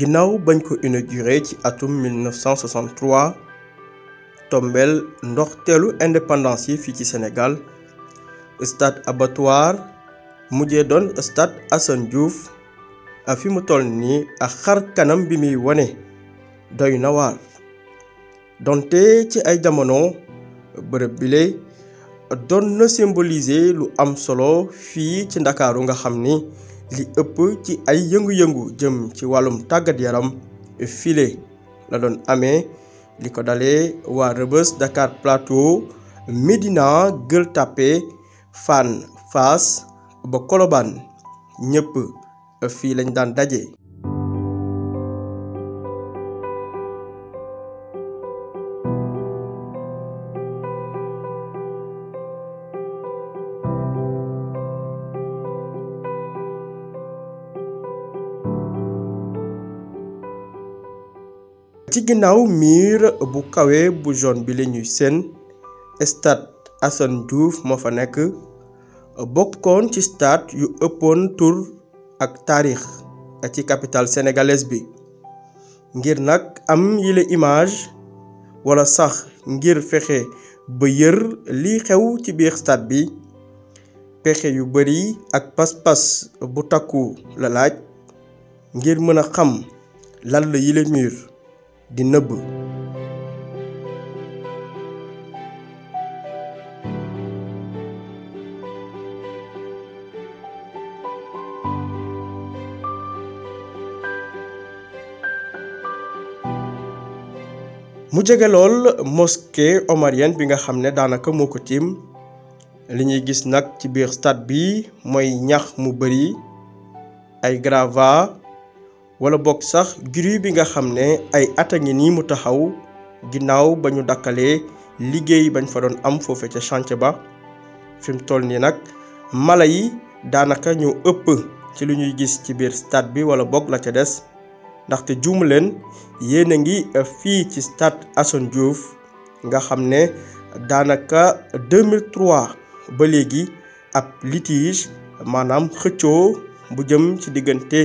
ginnaaw bañ ko inauguré ci atum 1963 tombeel ndoxteelu indépendance yi fii ci Sénégal stade abattoir mujjee doon stade Assane Diouf a fi mu toll nii ak xar kanam bi muy wane doy na waar donte ci ay jamono bërëb bile donna na lu am solo fii ci Ndakaaru nga xam ni. li ëpp ci ay yëngu-yëngu jëm ci wàllum tàggat yaram file la doon amee li ko dalee waa Rëbës Dakar Plateau Médina Gueule Tapée Fann Fass ba Colobane ñëpp fii lañ daan daje. ci ginnaaw miir bu kawe bu jaune bi la ñuy seen stade Assane Diouf moo fa nekk bokkoon ci stade yu ëppoon tur ak taarix ci capitale sénégalaise bi ngir nag am yile image wala sax ngir fexe ba yër li xew ci biir stade bi pexe yu bari ak pas-pas bu takku la laaj ngir mën a xam lan la yile di nëbb mu jege lool mosquée omarienne bi nga xam ne daanaka moo ko tiim gis nag ci biir stade bi mooy ñax mu bari ay gravats wala bok sax gru bi nga xamne ay atangi ni banyu mu taxaw ginaaw bañu dakalé liggéey bañ fa doon am fofé ci chantier ba fim toll ni nak mala yi danaka ñu ëpp ci lu ñuy gis ci biir stade bi wala bok la ca des ndaxte juumu leen a ngi eh, fi ci stade Assane Diouf nga xamne danaka 2003 ba légui ab litige manam xëccoo bu jëm ci digënté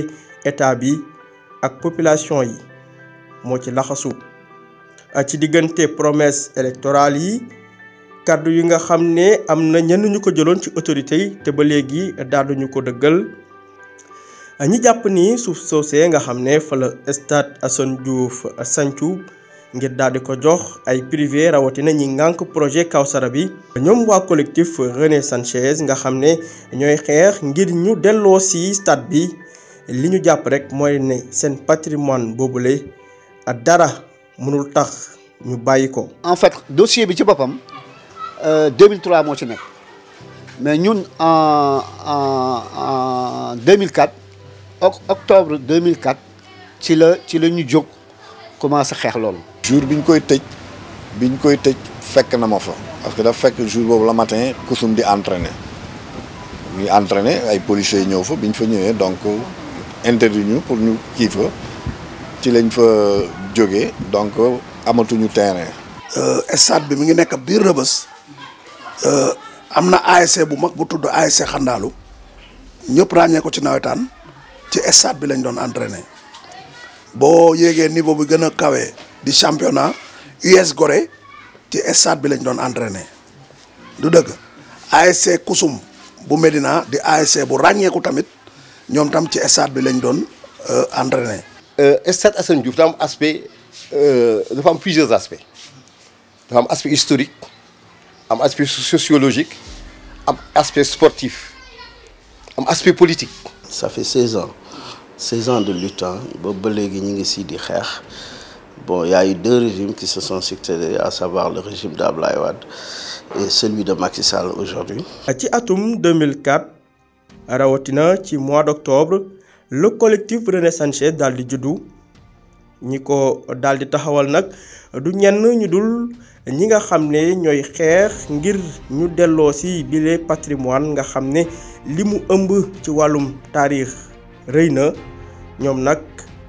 état bi ak population yi moo ci laxasu ah, ci diggante promesse électorale yi kàddu yi nga xam ne am na ñenn ñu ko jëloon ci autorités yi te ba léegi daaduñu ko dëggal ah, ñi jàpp ni suuf soosee nga xam ne fa la stade Assane Diouf sancu ngir daal ko jox ay privé rawatina ñi ngànk projet Kawsara bi ñoom waa collectif René Sanchez nga xam ne ñooy xeex ngir ñu delloo si stade bi li ñu jàpp rek mooy ne seen patrimoine boobule dara mënul tax ñu bàyyi ko. en fait dossier bi ci boppam 2003 euh, moo ci nekk mais ñun en en en 2004 octobre 2004 ci la ci la ñu jóg commencé xeex loolu. jour bi ñu koy tëj bi ñu koy tëj fekk na ma fa parce que dafa fekk jour boobu la matin kusum di entraîner ñuy entraîner ay policiers ñëw fa bi ñu fa ñëwee donc. interdit ñu pour ñu kii ci lañ fa jóge donc amatuñu terrain. Euh, stade bi mi ngi nekk biir Rebeuss euh, am na ASC bu mag bu tudd ASC Xandaalu ñëpp ràññeeku ci nawetaan ci stade bi lañ doon entraîner boo yéegee niveau bi gën a kawe di championnat US gore ci estade bi lañ doon entraîner du dëgg ASC Kusum bu Medina di ASC bu ràññeeku tamit. Nous tam ci stade bi lañ doon euh, euh stade Assane Diouf tam am aspect euh, dafa am plusieurs aspects dafa am aspect historique am aspect sociologique am aspect sportif am aspect politique. ça fait 16 ans 16 ans de lutte Il hein. ba légui ñi ngi si di bon y a eu deux régimes qui se sont succédés à savoir le régime d'Ablaïwad et celui de Macky Sall aujourd'hui ci atum 2004. rawatina ci mois d' octobre le collectif René Sanchez daal di juddu ñi ko daal di taxawal nag du ñenn ñu dul ñi nga xam ne ñooy xeex ngir ñu delloo si bile patrimoine nga xam ne li mu ëmb ci wàllum taarix rëy na ñoom nag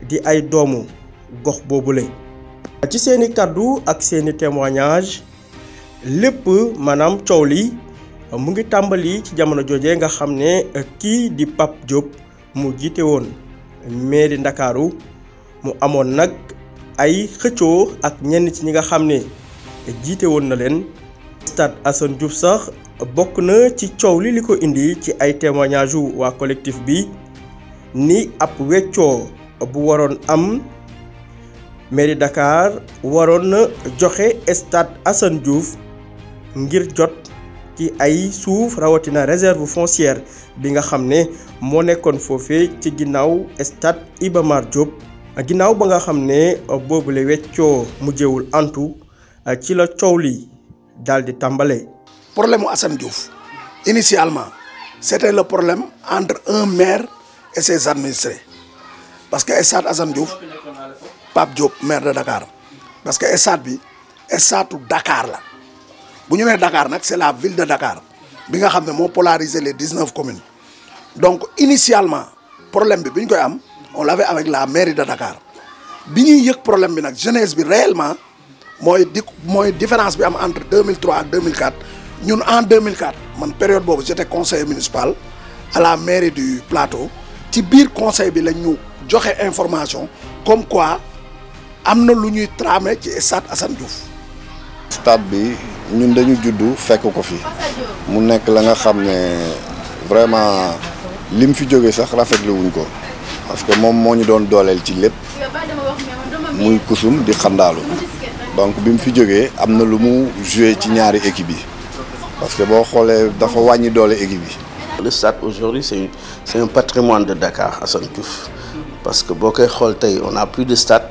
di ay doomu gox boobule. ci seeni kàddu ak seeni témoignage lépp maanaam coow li. mu ngi tàmbali ci jamono jooje nga xam ne eh, kii di Pape Diop mu jiite woon mairie Ndakaaru mu amoon nag ay xëccoo ak ñenn ci ñi nga xam ne jiite woon na leen stade Assane Diouf sax bokk na ci coow li li ko indi ci ay témoignage wu waa collectif bi ni ab weccoo bu waroon am mairie Dakar waroon na joxe stade Assane Diouf ngir jot ci ay suuf rawatina réserve foncière bi nga xam ne moo nekkoon foofee ci ginnaaw stade Iba Mar Diop ginnaaw ba nga xam ne boobule weccoo mujjewul antu ci la coow li daal di problème mu Assane Diouf initialement c'était le problème entre un maire et ses administrés parce que stade Assane Diouf Pape Diop maire de Dakar parce que stade bi stade Dakar la. Dakar c'est la ville de Dakar bi nga polarisé les 19 communes donc initialement le problème on l'avait avec la mairie de Dakar Le a problème bi jeunesse bi réellement la différence entre 2003 et 2004 nous en 2004 période j'étais conseiller municipal à la mairie du Plateau ci biir conseil bi lañ ñu informations information comme quoi nous avons lu tramé ci à Assane Diouf stade bi ñun dañu juddu fekk ko fi mu nekk la nga xamné vraiment lim fi joggé sax rafetlu wuñ ko parce que mom moo ñu doon dolel ci lépp muy kusum di xandalu donc bi fi joggé amna na lu mu joué ci ñaari équipe bi parce que bo xolé dafa wañi doole équipe bi le stade aujourd'hui c'est c'est un patrimoine de Dakar à Assane Diouf parce que bokay xol tay on a plus de stade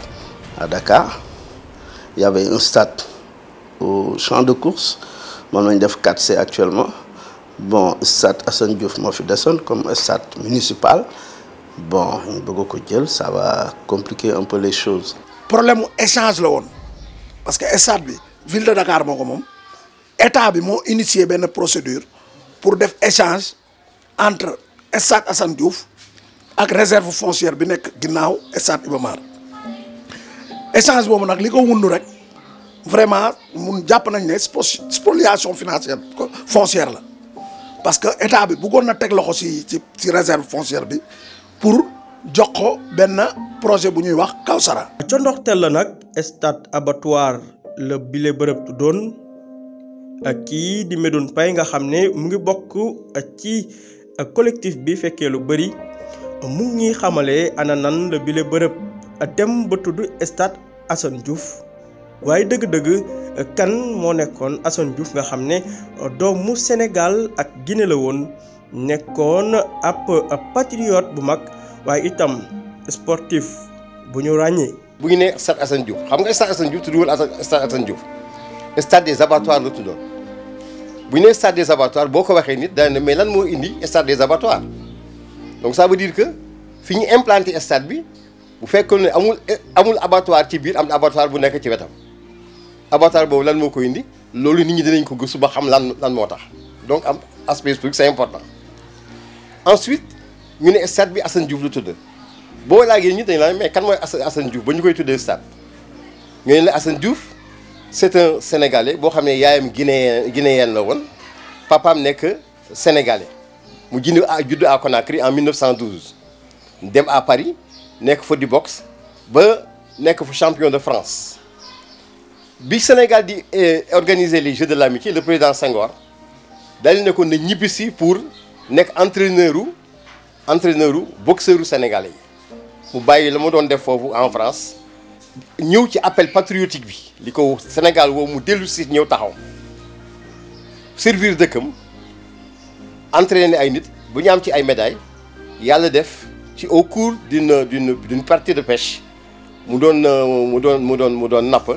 à Dakar il y avait un stade au champ de course Je suis def 4C actuellement bon SAT Assane Diouf moo comme SAT municipal bon ñu bëgg ko jël ça va compliquer un peu les choses. Le problème échange parce que SAT ville de Dakar L'État a initié une procédure pour def échange entre SAT Assane Diouf la réserve foncière de Ginao et Sat ibomar échange c'est ce li vraiment mun jàpp nañ ne spoliation financière foncière là. parce que état bi bëggoon na teg loxo ci ci réserve foncière bi pour jox ko projet bu ñuy wax Kawsara. ca ndox tel nak stade abattoir le bile bërëb tuddoon ak kii di Médoune Paye nga xamné mu ngi bok ci collectif bi féké lu bëri mu ngi xamalé ana nan le bile bërëb dem ba tudd stade Assane Diouf waaye dëgg-dëgg kan moo nekkoon Assane Diouf nga xam ne euh, doomu Sénégal ak Guinée la woon nekkoon ab patriote bu mag waaye itam sportif bu ñu ràññee. bu ñu nee stade Assane Diouf xam nga stade Assane Diouf tudduwul stade Assane Diouf stade des abattoirs la tuddoon bu ñu nee stade des abattoirs boo ko waxee nit daan ne mais lan moo indi stade des abattoirs donc ça veut dire que fi ñu implanté stade bi bu fekkoon ne amul amul abattoir ci biir am na abattoir bu nekk ci wetam abattoir boobu lan moko indi lolou nit ñi dinañ ko gëssu ba xam lan lan moo tax donc am aspect c'est important ensuite ñu né stade bi Assane Diouf lu tudd boo laajee ñu dañ la mais kan moy Assane Diouf ba ñu koy tuddee stade ñu né Assane Diouf c'est un sénégalais bo xamné ne yaayam guinéen guinéen la Papa papaam nek sénégalais mu jindi a ah, judd à Conakry en 1912 dem à Paris nek fa di boxe ba nek fa champion de France bi Sénégal di eh, organiser les Jeux de l'amitié le président Senghor daal ne ko ne ñibbi pour nekk entraîneur u entraîneur boxeur sénégalais yi mu bàyyi la ma doon def foofu en France ñëw ci appel patriotique bi li ko Sénégal woo mu dellu si ñëw taxaw servir dëkkam entraîner ay nit bu ñu am ci ay médailles yàlla def ci au cours d'une d'une d'une partie de pêche mu doon mu doon mu doon mu doon nappe.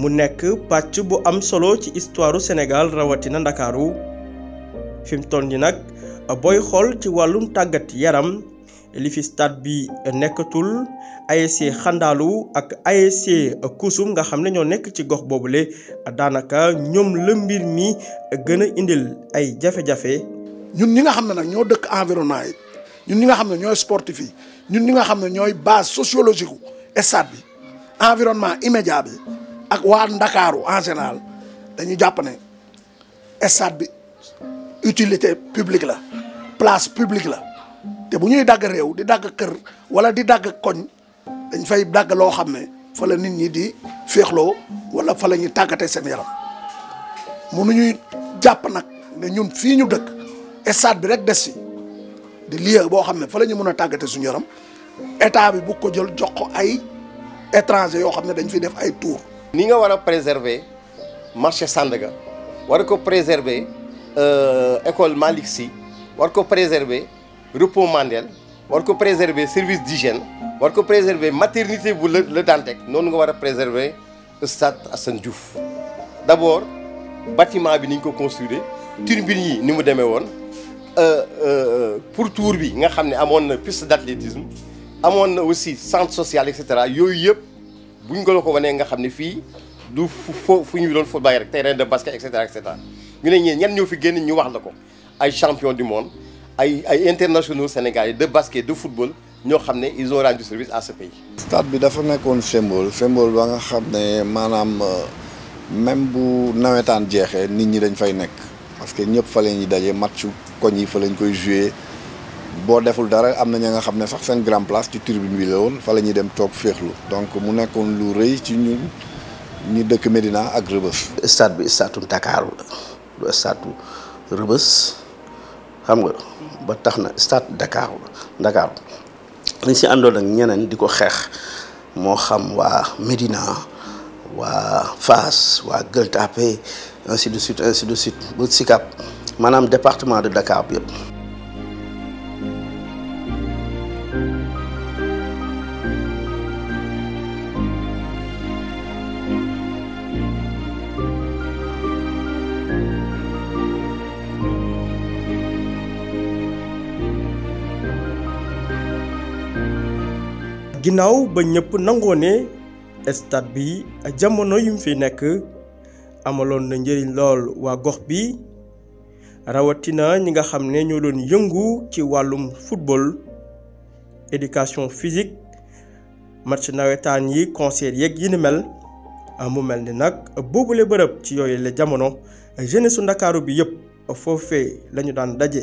mu nekk pàcc bu am solo ci histoire Sénégal rawatina ndakaaru fi mu toll nii nag booy xool ci wàllum tàggat yaram li fi stade bi nekkatul ASC xandaalu ak ASC kusum nga xam ne ñoo nekk ci gox boobu boobule daanaka ñoom la mbir mi gën a indil ay jafe-jafe. ñun ñi nga xam ne nag ñoo dëkk environnement yi ñun ñi nga xam ne ñooy sportif yi ñun ñi nga xam ne ñooy base sociologique stade bi environnement immédiat bi. ak waa Ndakaaru en général dañu jàpp ne stade bi utilité publique la place publique la te bu ñuy dagg réew di dagg kër wala di dagg koñ dañ fay dagg loo xam ne fa nit ñi di féexloo wala fa la ñuy tàggate seen yaram mënuñuy jàpp nag ne ñun fii ñu dëkk stade bi rek des si di lieu boo xam ne fa la ñu mën a tàggate suñ yaram état bi bu ko jël jox ko ay étranger yoo xam ne dañ fi def ay tour ni nga war a préserver marché Sandaga war ko préserver euh, école maliksi. Sy war ko préserver repos Mandel war ko préserver service d'hygiène war ko préserver maternité de le la Dantec noonu nga war a préserver stade Assane Diouf d'abord bâtiment que nous avons ko construire turbine yi ni mu demee euh, euh, pour nous bi nga piste d'athlétisme amoon aussi centre social et cetera si vous ko la wone nga terrain de basket et cetera ñu champion du monde ay ay internationaux sénégalais de basket de football ñoo xamné ils ont rendu service à ce pays. stade bi dafa symbole symbole ba nga euh, même bu nawetaan jéxé nit parce que ñëpp bo deful dara am na xamne sax sen grand place ci tribune bi la won fa lañu dem tok féexlu donc mu nekkon lu reuy ci ñun ñi dëkk medina ak stade bi stade Dakar la du stade Rëbës xam nga ba taxna stade Dakar Dakar dañ si ando nak ñeneen di ko mo xam wa medina wa fas wa geltape ainsi de suite ainsi de suite bu sikap manam département de Dakar bi ginnaaw ba ñëpp nangoo ne stade bi jamono yu mu fi nekk amaloon na njëriñ lool waa gox bi rawatina ñi nga xam ne ñoo doon yëngu ci wàllum football éducation physique match nawetaan yi concert yeeg yi ni mel ah, mu mel ni nag boobule bërëb ci yooyu la jamono jeunesse su ndakaaru bi yëpp foofee lañu daan daje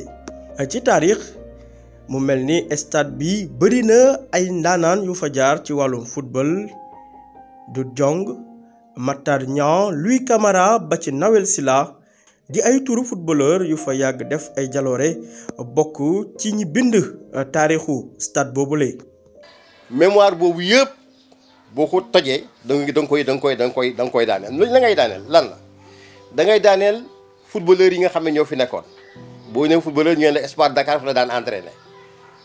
ah, ci taarix. mu mel ni stade bi bëri na ay ndaanaan yu fa jaar ci wàllum football du jong Matar Niang Louis Camara ba ci Nawel Sylla di ay turu footballeur yu fa yàgg def ay jaloore bokk ci ñi bind euh, taarixu stade boobu boobule. mémoire boobu yëpp boo ko tojee da nga koy da nga koy da koy da nga koy daaneel la ngay daaneel lan la da ngay daaneel footballeur yi nga xam ne ñoo fi nekkoon boo ñëw footballeur ñu ne la Espoir Dakar fa la daan entraîné.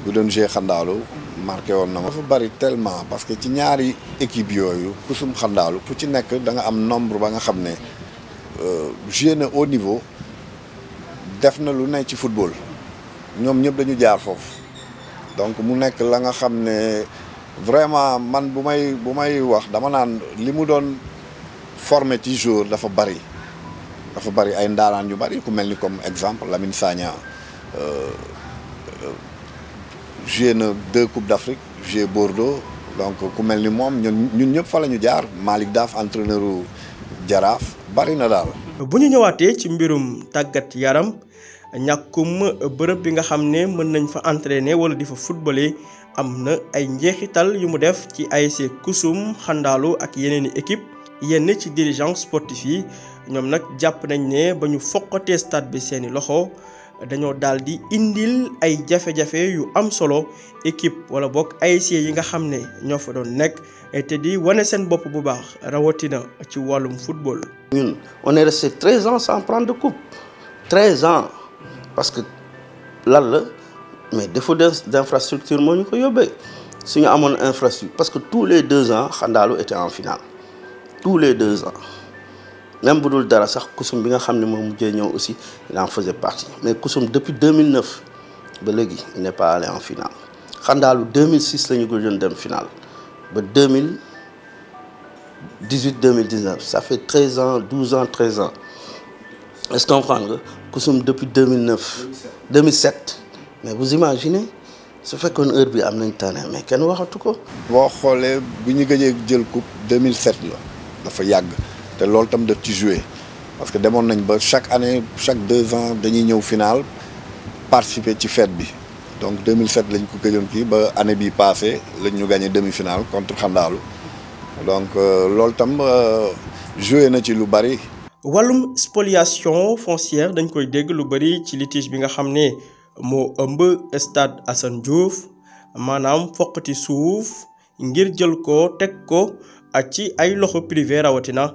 bu doon jouer xandaalu marqué woon na ma. dafa bari tellement parce que ci ñaari équipe yooyu kusum xandaalu ku ci nekk danga am nombre ba nga xam ne euh, jouer na au niveau def na lu nekk ci football ñoom ñëpp dañu jaar foofu donc mu nekk la nga xam ne vraiment man bu may bu may wax dama naan li mu doon formé ci jour dafa bari dafa bari ay ndaaraan yu bari ku mel ni comme exemple Lamine Sagna. Euh, joué na deux coupes d'Afrique joué Bordeaux donc ku mel ni moom ñun ñëpp fa la ñu jaar Malick Daaf entraîneur u Jaraaf bari na daal. bu ñu ñëwaatee ci mbirum tàggat yaram ñàkkum bërëb bi nga xam ne mën nañ fa entraîner wala di fa footballer am na ay njeexital yu mu def ci ASC Kusum Xandaalu ak yeneen i équipe yenn ci dirigeants sportifs yi ñoom nag jàpp nañ ne ba ñu foqatee stade bi seeni loxo. dañoo daal di indil ay jafe-jafe yu am solo équipe wala bokk ASC yi nga xam ne ñoo fa doon nekk te di wane seen bopp bu baax rawatina ci wàllum football. ñun on est resté treize ans sans prendre coupe treize ans parce que lan la mais défaut d'infrastructure moo ñu ko yóbbee suñu amoon infrastructure parce que tous les deux ans Xandaalu était en finale tous les deux ans même si dara sax aussi il en faisait partie mais kusum depuis 2009 il n'est pas allé en finale En 2006 lañu a dem finale ba 2018 2019 ça fait 13 ans 12 ans 13 ans est-ce qu'on comprend, que kusum depuis 2009 2007 mais vous imaginez ça fait heure bi am nañ tane mais kenn waxatu ko boo xoolee bu jël coupe 2007 la dafa yagg te loolu tam daf ci jouer parce que demoon nañ ba chaque année chaque deux ans dañuy ñëw final participer ci fête bi donc 2007 lañ ko gëjoon kii ba année bi passé lañ ñu gagner demi finale contre Khandalu. donc euh, loolu tam euh, jouer na ci lu bari. Walum spoliation foncière dañ koy dégg lu bari ci litige bi nga xamné mo moo ëmb stade Assane Diouf manam foqati souf ngir jël ko tek ko ci ay loxo privé rawatina.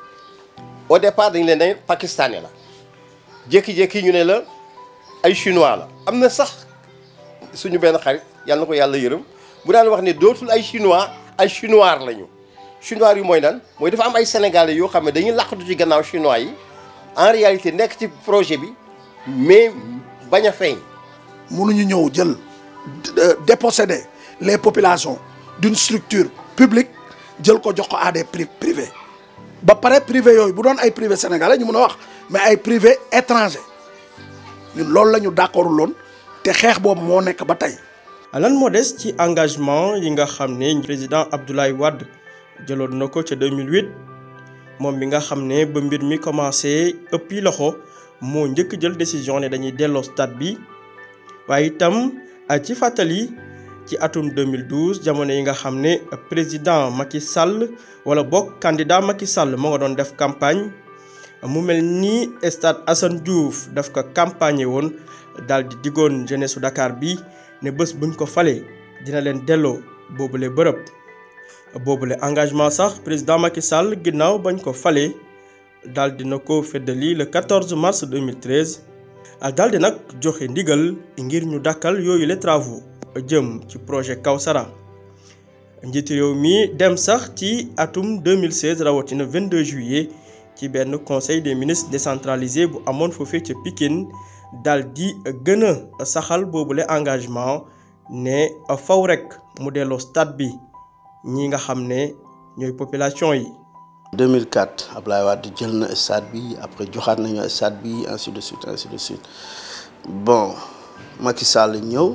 au départ dañ leen ne pakistanais la jékki-jékki ñu né la ay chinois la am sax suñu ben xarit yalla nako yalla yàlla bu daan wax ne dootul ay chinois ay chinois lañu chinois yu moy lan moy dafa am ay sénégalais yo xamné dañuy làqatu ci gannaaw chinois yi en réalité nek ci projet bi mais baña a feeñ. mënuñu ñëw jël déposséder les populations d'une structure publique jël ko jox ko à des privés ba pare privé yooyu bu doon ay privé sénégalais ñu mën a wax mais ay privé étranger ñun loolu la ñu d'accordul woon te xeex boobu moo nekk ba tey. lan moo des ci engagement yi nga xam président Abdoulaye Wade jëloon na ko ca 2008 moom mi nga xam ne ba mbir mi commencé ëppi loxo moo njëkk jël décision ne dañuy delloo stade bi waaye itam ci fàttali ci atum 2012 jamono yi nga xam ne président Macky Sall wala bokk candidat Macky Sall moo ngi doon def campagne mu mel nii stade Assane Diouf daf ko campagne woon daal di diggoon jeunesse Dakar bi ne bés buñ ko falee dina leen delloo boobule bërëb boobule engagement sax président Macky Sall ginnaaw bañ ko falee daal dina ko feddali le 14 mars 2013 daal di nag joxe ndigal ngir ñu dakkal yooyu les travaux jëm ci projet Kawsara njiitu réew mi dem sax ci atum 2016 rawatina 22 juillet ci benn conseil des ministres décentralisé bu amoon foofee ca Pikine dal di gën a saxal boobule engagement ne faw rek mu delloo stade bi ñi nga xam ne ñooy population yi. 2004 Ablaye Wade jël na stade bi après joxaat nañu stade bi ainsi de suite ainsi de suite bon Macky Sall ñëw.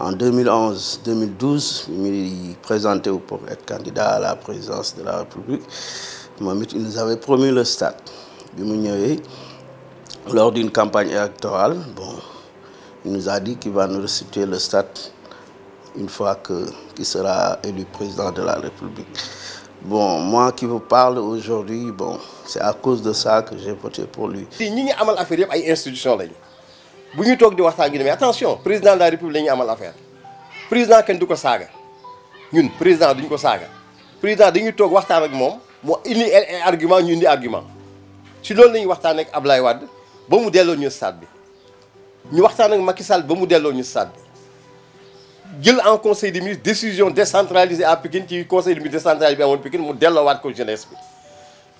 En 2011-2012, il présentait présenté pour être candidat à la présidence de la République. Il nous avait promis le stade. Lors d'une campagne électorale, bon, il nous a dit qu'il va nous restituer le stade une fois qu'il sera élu président de la République. Bon, moi qui vous parle aujourd'hui, bon, c'est à cause de ça que j'ai voté pour lui bu ñuy toog di waxtaan mais attention président de la république la ñu amal affaire président kenn du ko saaga ñun président duñ ko saaga président dañuy toog waxtaan ak moom mu indi ay argument ñu indi argument si loolu la ñuy waxtaan ak Ablaye Wade ba mu delloo ñu stade bi ñu waxtaan ak Macky Sall ba mu delloo ñu stade en conseil des ministres décision décentralisée à Pékin, ci conseil des ministres décentralisé bi Pékin, Pikine mu delloowaat ko jeunesse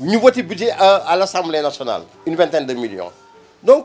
bi ñu voté budget à l'Assemblée nationale une vingtaine de millions donc.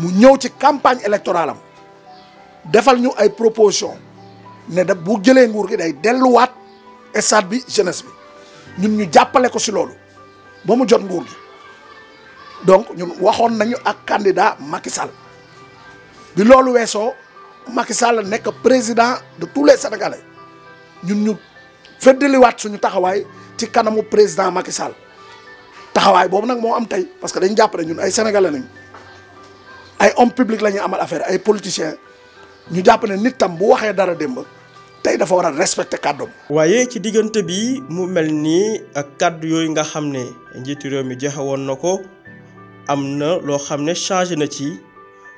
mu ñew ci campagne électorale am defal ñu ay proposition ne da bu jëlé nguur gi day wat stade bi jeunesse bi ñun ñu jappalé ko ci lolu ba mu jot nguur gi donc ñun waxon nañu ak candidat Macky Sall bi lolu wesso Macky Sall nek président de tous les sénégalais ñun ñu wat suñu taxaway ci kanamu président Macky Sall taxaway bobu nak mo am tay parce que dañu japp né ñun ay sénégalais nañu. ay hommes public lañu amal affaire ay politiciens ñu respecter ne nit tam bu waxé dara cadre tay dafa wara respecter ci bi mi amna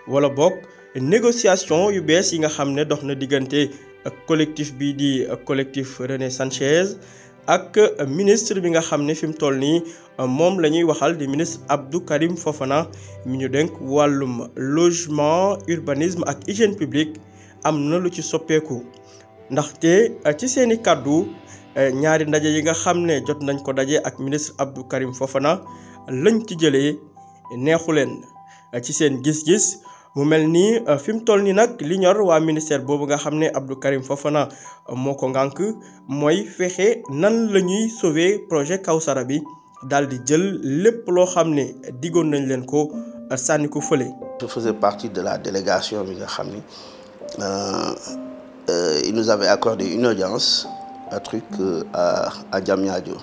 wala bok négociation yu yi nga xamné collectif bi collectif René Sanchez. ak euh, ministre bi nga xam ne fi mu toll nii euh, moom la ñuy waxal di ministre Abdou Karim Fofana mi ñu dénk wàllum logement urbanisme ak hygiène publique am na lu ci soppeeku ndaxte euh, ci seeni kàddu ñaari ndaje yi nga xam ne jot nañ ko daje ak ministre Abdou Karim Fofana lañ ci jëlee neexu leen ci seen gis-gis mu mel ni euh, fi mu toll ni nag li ñor waa ministère boobu nga xam ne Abdou Karim Fofana euh, moo ko ngànk mooy fexe nan la ñuy sauver projet Kawsara bi daal di jël lépp loo xam ne diggoon nañ leen ko euh, sànni ko fële. je faisais partie de la délégation bi nga xam ni il nous avait accordé une audience un truc à à Diamniadio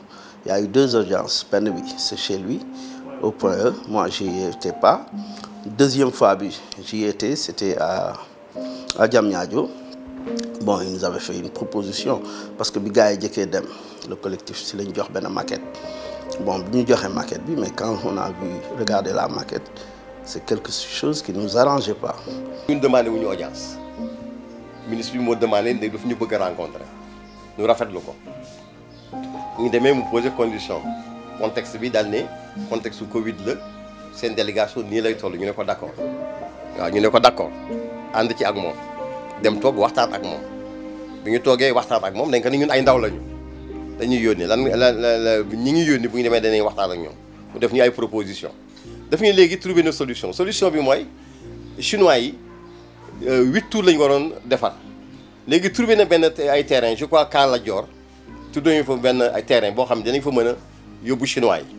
il y a eu deux audiences Ben bi c'est chez lui au point E moi j'y étais pas deuxième fois, j'y étais, c'était à, à Bon, ils nous avaient fait une proposition parce que le collectif, c'est une maquette. Bon, nous avons maquette, mais quand on a vu regarder la maquette, c'est quelque chose qui ne nous arrangeait pas. Nous demandé une audience. Le ministre m'a demandé de nous rencontrer. Nous raffairons. Nous avons même posé conditions. Contexte d'année, contexte Covid, sen délégation ni lay toll ñu ne ko d'accord wa ñu ne ko d'accord and ci ak mom dem toog waxtaan ak mom biñu ñu waxtaan ak mom dañ ko ni ñun ay ndaw lañu dañuy yoni lan la la ñi ngi yónni bu ñu demee danañ waxtaan ak ñom mu def ñu ay proposition daf ñu légui trouver une solution solution bi moy chinois yi 8 euh, tours lañu waron defar légui trouver na ben ay terrain je crois Kaala Dior tuddee ñu fa ben ay terrain bo xam ne fa mëna yobu chinois yi.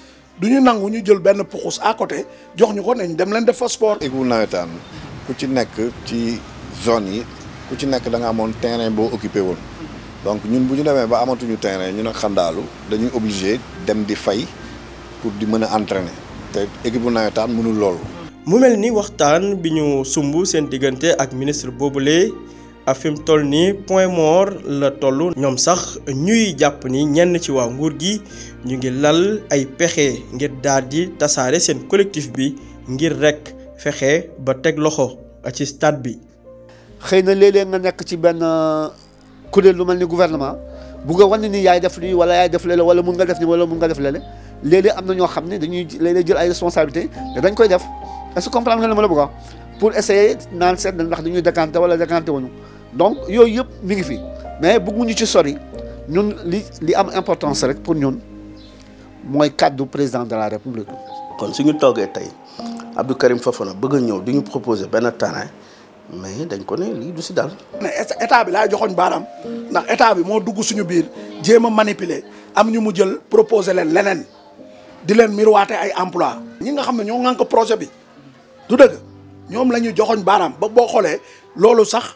du ñu nangu ñu jël benn puxus à côté jox ñu ko nañ dem leen def fa sport. équipe nawetaan ku ci nekk ci zone yi ku ci nekk da nga amoon terrain boo occupé woon donc ñun bu ñu demee ba amatuñu terrain ñu ne xandaalu dañuy obligé dem di fay pour di mën a entraîner te équipe nawetaan mënul loolu. mu mel ni waxtaan bi ñu sumb seen diggante ak ministre boobu boobule. fi mu toll nii point mort la tollu ñoom sax ñuy jàpp ni ñenn ci waa nguur gi ñu ngi lal ay pexe ngir daal di tasaare seen collectif bi ngir rek fexe ba teg loxo ci state bi. xëy na léeg-léeg nga nekk ci benn ku euh, kuréel lu mel ni gouvernement bu nga wane ni yaay def lii wala yaay def lële wala mun nga def ni wala mun nga def lële léeg am na ñoo xam ne dañuy léeg jël ay responsabilité te dañ koy def est-ce que comprendre nga li ma la bëgg pour essayer naan seet ndax dañuy décanté wala décanté wuñu donc yooyu yëpp mi ngi fi mais bëggu ñu ci sori ñun li li am importance rek pour ñun mooy kàddu président de la république. kon suñu toogee tey Abdou Karim Fofana bëgg a ñëw di ñu proposer benn terrain mais dañ ko ne lii du si dal mais état bi laay joxoñ baaraam ndax état bi moo dugg suñu biir jéem a manipuler am ñu mu jël proposer leen leneen di leen miroiter ay emploi ñi nga xam ne ñoo ŋànk projet bi du dëgg ñoom la ñu joxoñ baaraam ba boo xoolee loolu sax.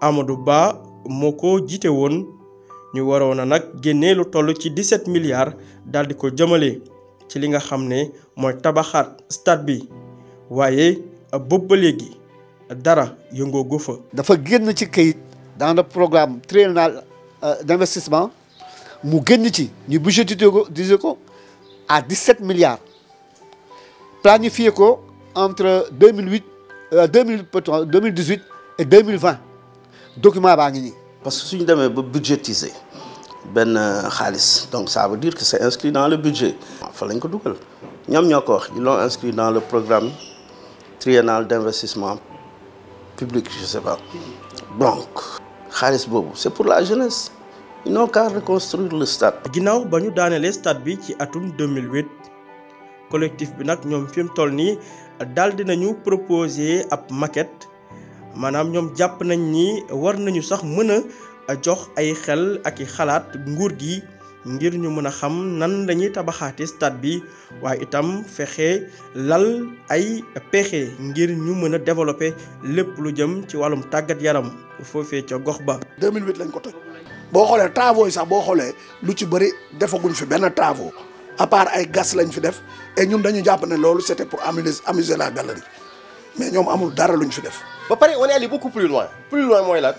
Amadou Ba moko jité won ñu waroon nak génné lu tollu ci 17 milliards dal di ko jëmele ci li nga xamné moy mooy stade bi wayé boobu ba dara yëngoo gu dafa génn ci kayit dans le programme triennal euh, d'investissement mu génn ci ñu budgété ko disé ko à 17 milliards planifié ko entre 2008 2018 euh, et 2020 document à ngi parce que suñu nous ba budgétiser Ben khalis euh, donc ça veut dire que c'est inscrit dans le budget. fa lañ ko dugal ñoom ñoo ils l'ont inscrit dans le programme triennal d'investissement public je sais pas donc. khalis bobu c'est pour la jeunesse ils n'ont qu'à reconstruire le stade. ginaaw bañu daané le stade bi ci atum 2008 collectif bi nak ñom fi toll ni proposer ab maquette. maanaam ñoom jàpp nañ ni war nañu sax mën a jox ay xel ak i xalaat nguur gi ngir ñu mën a xam nan lañuy tabaxaati stade bi waaye itam fexe lal ay pexe ngir ñu mën a développer lépp lu jëm ci wàllum tàggat yaram foofee ca gox ba. 2008 lañ ko toj boo xoolee travaux yi sax boo xoolee lu ci bëri defaguñ fi benn travaux à ay gas lañ fi def et ñun dañuy jàpp ne loolu c'était pour amuser amuser la galerie mais ñoom amul dara luñ fi def. on est allé beaucoup plus loin. Plus loin, moi, là.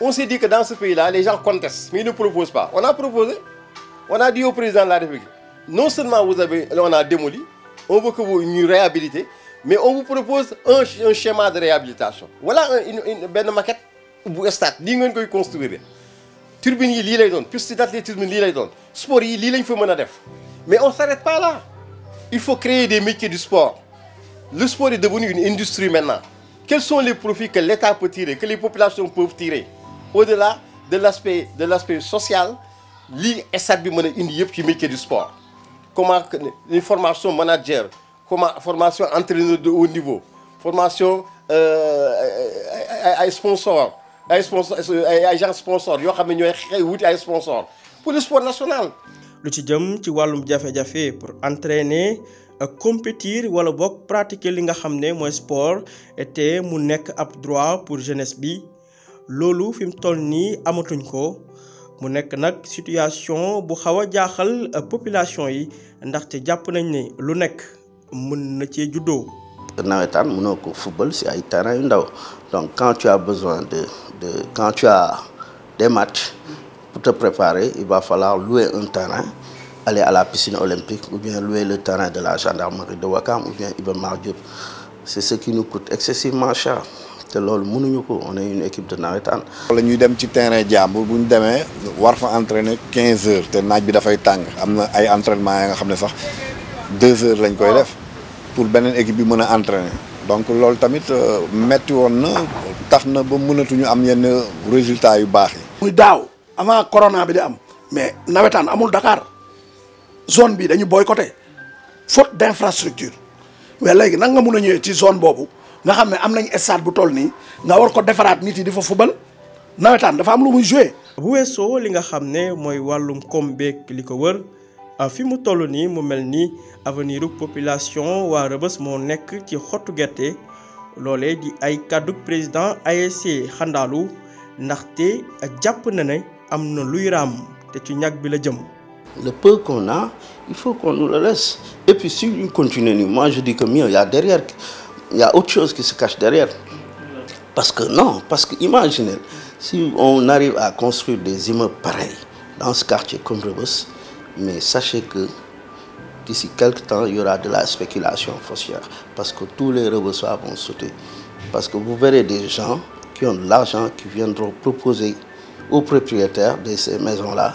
On s'est dit que dans ce pays-là, les gens contestent, mais ils ne proposent pas. On a proposé, on a dit au président de la République, non seulement vous avez, on a démoli, on veut que vous nous réhabilitez, mais on vous propose un, schéma de réhabilitation. Voilà une, une, maquette bu stade Vous construire turbines yi lii lay piste d'athlétisme sport mais on ne s'arrête pas là il faut créer des métiers du sport le sport est devenu une industrie maintenant quels sont les profits que l'État peut tirer, que les populations peuvent tirer au-delà de l'aspect social il y a métier du sport comment une formation manager comment formation entraîneur de haut niveau formation à euh, sponsor à sponsor à agent sponsor ne ñooy wuti sponsor pour le sport national lu ci jëm ci fait pour entraîner euh, compétir wala boog pratiquer li nga xamné moy sport te mu nek ab droit pour jeunesse bi loolu fim toll ni amatuñ ko mu nek nak situation bu xawa euh, population yi te japp nañ ni lu nek mën na ci juddoo. nawetaan mënoo football si ay terrain yu ndaw donc quand tu as besoin de de quand tu as des matchs pour te préparer il va falloir louer un terrain aller à la piscine olympique ou bien louer le terrain de la gendarmerie de Wakam ou bien Ibn Mardioub. C'est ce qui nous coûte excessivement cher. on est une équipe de Naritan. Nous terrain 15 heures entraînement heures pour que équipe bi entraîner donc tamit euh, metti résultats avant corona mais Dakar. zone bi dañu boycotté faute d'infrastructure mais léegi nan nga mun a ñëwee ci zone boobu nga xam ne am nañ stade bu toll nii nga war ko defaraat nit yi di fa fubal nawetaan dafa am lu muy joué. bu weesoo li nga xam ne mooy wàllum koom beeg li ko wër ah, fi mu toll nii mu mel ni avenir population waa Rëbës moo nekk ci xottu gerte loolee di ay kàddu président ASC xandaalu ndaxte jàpp na ne am na luy raam te ci ñag bi la jëm. le peu qu'on a, il faut qu'on nous le laisse. Et puis si on continue, moi je dis que mieux, il y a derrière, il y a autre chose qui se cache derrière. Parce que non, parce que imaginez, si on arrive à construire des immeubles pareils dans ce quartier comme Rebus, mais sachez que d'ici quelques temps, il y aura de la spéculation foncière. Parce que tous les soirs vont sauter. Parce que vous verrez des gens qui ont de l'argent qui viendront proposer aux propriétaires de ces maisons-là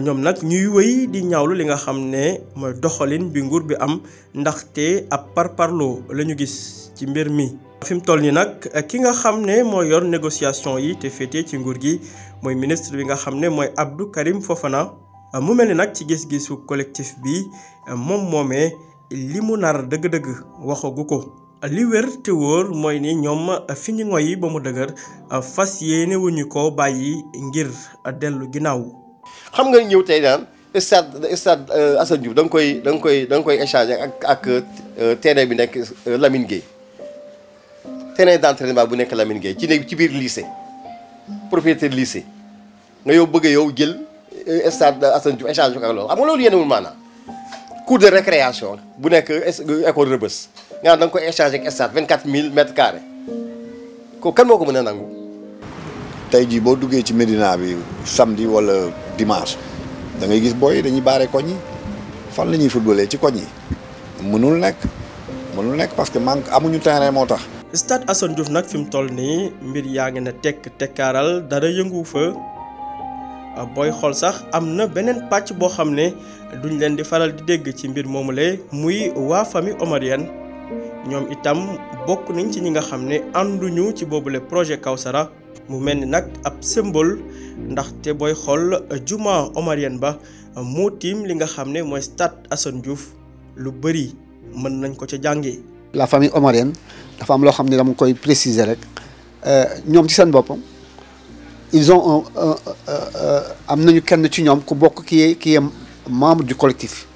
ñoom nag ñuy wéy di ñaawlu li nga xam ne mooy doxalin bi nguur bi am ndaxte ab parparloo la ñu gis ci mbir mi. fi mu toll nii nag ki nga xam ne mooy yor négociation yi te féete ci nguur gi mooy ministre bi nga xam ne mooy Abdou Karim Fofana mu mel ni nag ci gis-gisu collectif bi moom moomee li mu nar dëgg-dëgg waxagu ko. li wér te wóor mooy ni ñoom fi ñu ngoy ba mu dëgër fas yéene wuñu ko bàyyi ngir dellu ginnaaw. xam nga ñëw tey daan stade stade euh, Assane Diouf da koy da nga koy da nga koy échanger ak ak euh, terrain bi nekk euh, Lamine Gueye terrain d'entraînement bu nekk Lamine Gueye ci nekk ci biir lycée propriétaire lycée nga yow bëgg yow jël stade Assane Diouf échanger ko ak loolu xam nga loolu yéenewul maanaam cours de récréation bu nekk école Rebeuss nga da nga koy échanger ak stade vingt quatre mille mètres carrés kan moo ko mën a nangu tey jii boo duggee ci Médina bi samedi wala dimanche dangay gis booy dañuy bare koñ yi fan la ñuy footballé ci koñ yi mënul nekk mënul nekk parce que manque amuñu terrain moo tax. stade asson Diouf nag fi mu toll nii mbir yaa ngi ne tekk tekkaaral dara yëngu fa ah, booy xool sax am na beneen pàcc boo xam ne duñ leen di faral di dégg ci mbir moomule muy waa fami omarienne ñoom itam bokk nañ ci ñi nga xam ne ànduñu ci boobule projet Kawsara. mu mel ni nag ab symbole ndaxte booy xool euh, juma omarienne ba euh, moo tiim li nga xam ne mooy stade Assane Diouf lu bëri mën nañ ko ca jàngee. la famille omarienne dafa am loo xam ne dama koy préciser rek euh, ñoom ci seen boppam ils ont am nañu kenn ci ñoom ku bokk ki est est membre du collectif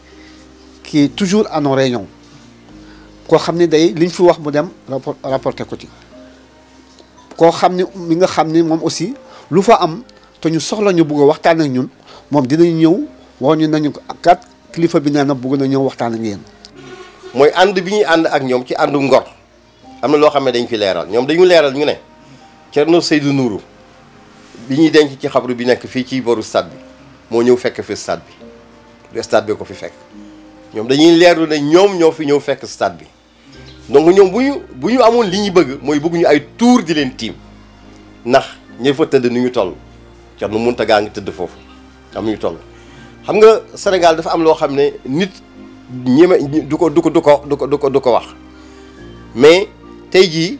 qui est toujours à nos réunions koo xam ne day liñ fi wax mu dem rapporté ko ci. koo xam ni mi nga xam ni moom aussi lu fa am te ñu soxla ñu bugg a waxtaan ak ñun moom dinañ ñëw wax ñu nañu kat kilifa bi nee na bugg na ñëw waxtaan ak yéen. mooy ànd bi ñuy ànd ak ñoom ci ànd ngor am na loo xam ne dañ fi leeral ñoom dañu leeral ñu ne Thierno Seydou Nourou bi ñuy denc ci xabru bi nekk fii ci boru stade bi moo ñëw fekk fi stade bi stade bi ko fi fekk ñoom dañuy leerlu ne ñoom ñoo fi ñëw fekk stade bi. donc ñom buñu buñu amone ñu nous li nous bëgg mooy bëgguñu ay tour di leen nous nax ñe fa que nous ñu toll Thierno nous nga Nous fofu am ñu toll. xam nga Sénégal dafa am lo xam nit ñeme du ko du ko du ko du ko du ko wax mais tey nous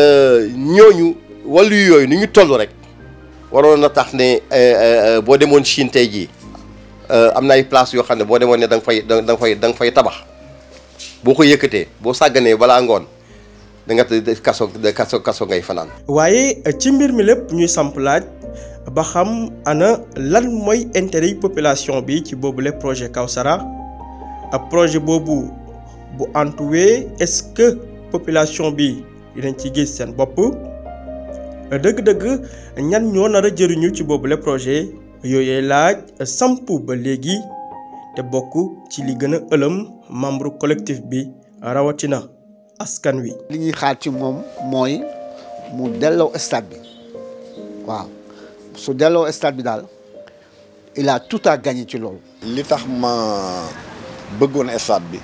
euh, ñooñu nous yooyu ni ñu toll rek waroon na tax ne euh, euh, bo Chine tey jii am na ay place yo bo fay fay fay tabax. boo ko yëkkatee boo sàgganee balaa ngoon da nga kaso kaso kaso ngay fanaan. waaye ci mbir mi lépp ñuy samp laaj ba xam ana lan mooy intérêt yi population bi ci boobu boobule projet Kawsara projet boobu bu antuwee est-ce que population bi dinañ ci gis seen bopp dëgg-dëgg ñan ñoo nar a jëriñu ci boobule projet yooyee laaj samp ba léegi. te bokk ci li gën a ëlëm membre collectif bi rawatina askan wi. li ñuy xaar ci moom mooy mu delloo stade bi waaw su delloo stade bi daal il a tout à gagner ci loolu. li tax ma bëggoon stade bi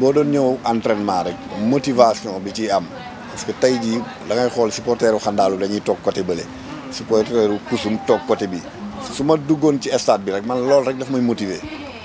boo doon ñëw entraînement rek motivation bi ci am parce que tey jii da ngay xool supporteru xandaalu dañuy toog côté bële supporteru kusum toog côté bi su ma duggoon ci stade bi rek man loolu rek daf may motiver.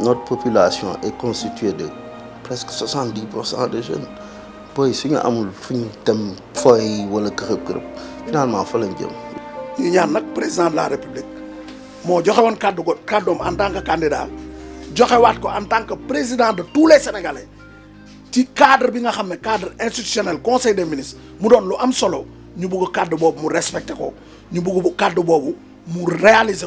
notre population est constituée de presque 70% de jeunes Si su nous amul ou finalement fa président de la république Moi, joxe en tant que candidat Je ko en tant que président de tous les sénégalais ci cadre bi cadre institutionnel conseil des ministres nous devons lu nous solo ñu bëgg Nous boobu mu respecté ko ñu bëgg cadre. mu réaliser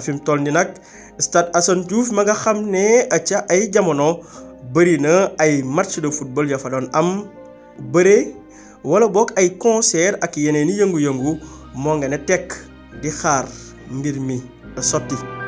fi mu toll nii nag stade Assane Diouf ma nga xam ne ca ay jamono bëri na ay match de football ya fa doon am bëre wala boog ay concert ak yeneen i yëngu-yëngu moo nga ne tekk di xaar mbir mi sotti